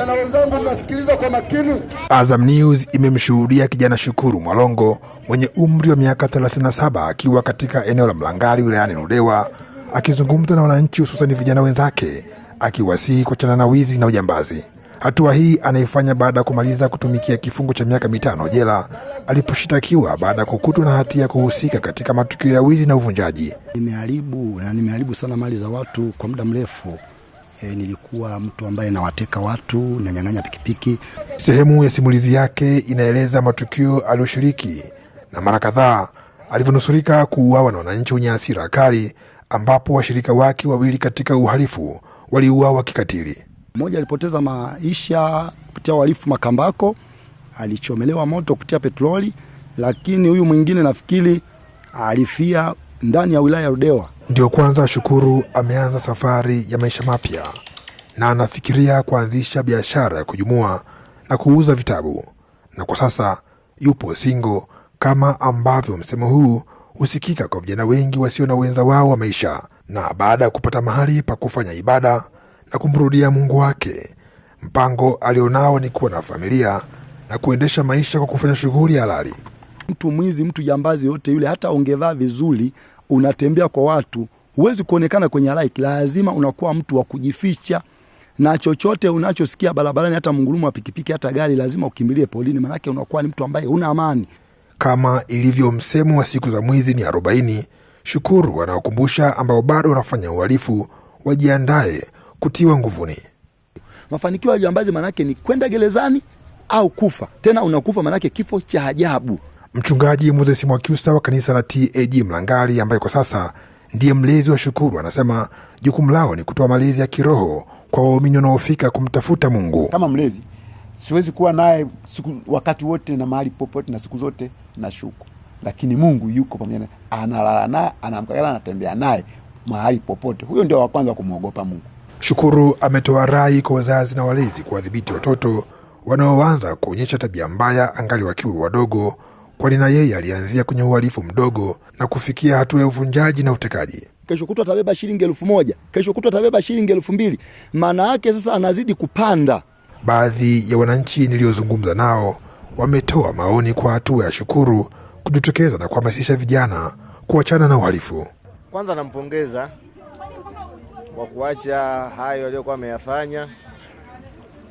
Vijana wenzangu, mnasikiliza kwa makini. Azam News imemshuhudia kijana Shukuru Mwalongo mwenye umri wa miaka 37 akiwa katika eneo la Mlangali wilayani Ludewa akizungumza na wananchi, hususani vijana wenzake, akiwasihi kuachana na wizi na ujambazi. Hatua hii anaifanya baada ya kumaliza kutumikia kifungo cha miaka mitano jela aliposhitakiwa baada ya kukutwa na hatia kuhusika katika matukio ya wizi na uvunjaji. Nimeharibu na nimeharibu sana mali za watu kwa muda mrefu E, nilikuwa mtu ambaye nawateka watu na nyang'anya pikipiki. Sehemu ya simulizi yake inaeleza matukio aliyoshiriki na mara kadhaa alivyonusurika kuuawa na wananchi wenye hasira kali, ambapo washirika wake wawili katika uhalifu waliuawa kikatili. Mmoja alipoteza maisha kupitia uhalifu Makambako, alichomelewa moto kupitia petroli, lakini huyu mwingine nafikiri alifia ndani ya wilaya ya Ludewa ndio kwanza Shukuru ameanza safari ya maisha mapya na anafikiria kuanzisha biashara ya kujumua na kuuza vitabu, na kwa sasa yupo singo kama ambavyo msemo huu husikika kwa vijana wengi wasio na wenza wao wa maisha. Na baada ya kupata mahali pa kufanya ibada na kumrudia Mungu wake, mpango alionao ni kuwa na familia na kuendesha maisha kwa kufanya shughuli halali. Mtu mwizi, mtu jambazi yote yule, hata ongevaa vizuri unatembea kwa watu, huwezi kuonekana kwenye like, lazima unakuwa mtu wa kujificha na chochote unachosikia barabarani, hata mngurumo wa pikipiki, hata gari, lazima ukimbilie polini, manake unakuwa ni mtu ambaye huna amani. Kama ilivyo msemo wa siku za mwizi ni arobaini, Shukuru wanaokumbusha ambao bado wanafanya uhalifu wajiandaye kutiwa nguvuni. Mafanikio ya jambazi manake ni kwenda gerezani au kufa, tena unakufa manake kifo cha ajabu. Mchungaji Moses Mwakiusa wa kanisa la TAG Mlangali, ambaye kwa sasa ndiye mlezi wa Shukuru, anasema jukumu lao ni kutoa malezi ya kiroho kwa waumini wanaofika kumtafuta Mungu. Kama mlezi siwezi kuwa naye siku wakati wote na mahali popote na siku zote na Shuku, lakini Mungu yuko pamoja naye, analala naye, anamkagala, anatembea naye mahali popote. Huyo ndio wa kwanza kumwogopa Mungu. Shukuru ametoa rai kwa wazazi na walezi kuwadhibiti watoto wanaoanza kuonyesha tabia mbaya angali wakiwa wadogo kwani na yeye alianzia kwenye uhalifu mdogo na kufikia hatua ya uvunjaji na utekaji. Kesho kutwa atabeba shilingi elfu moja kesho kutwa atabeba shilingi elfu mbili Maana yake sasa anazidi kupanda. Baadhi ya wananchi niliyozungumza nao wametoa maoni kwa hatua ya Shukuru kujitokeza na kuhamasisha vijana kuachana na uhalifu. Kwanza nampongeza kwa kuacha hayo aliyokuwa ameyafanya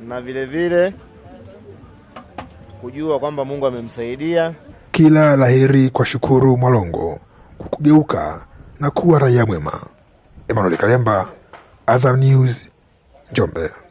na vilevile vile, kujua kwamba Mungu amemsaidia. Kila laheri kwa Shukuru Mwalongo kwa kugeuka na kuwa raia mwema. Emmanuel Kalemba, Azam News, Njombe.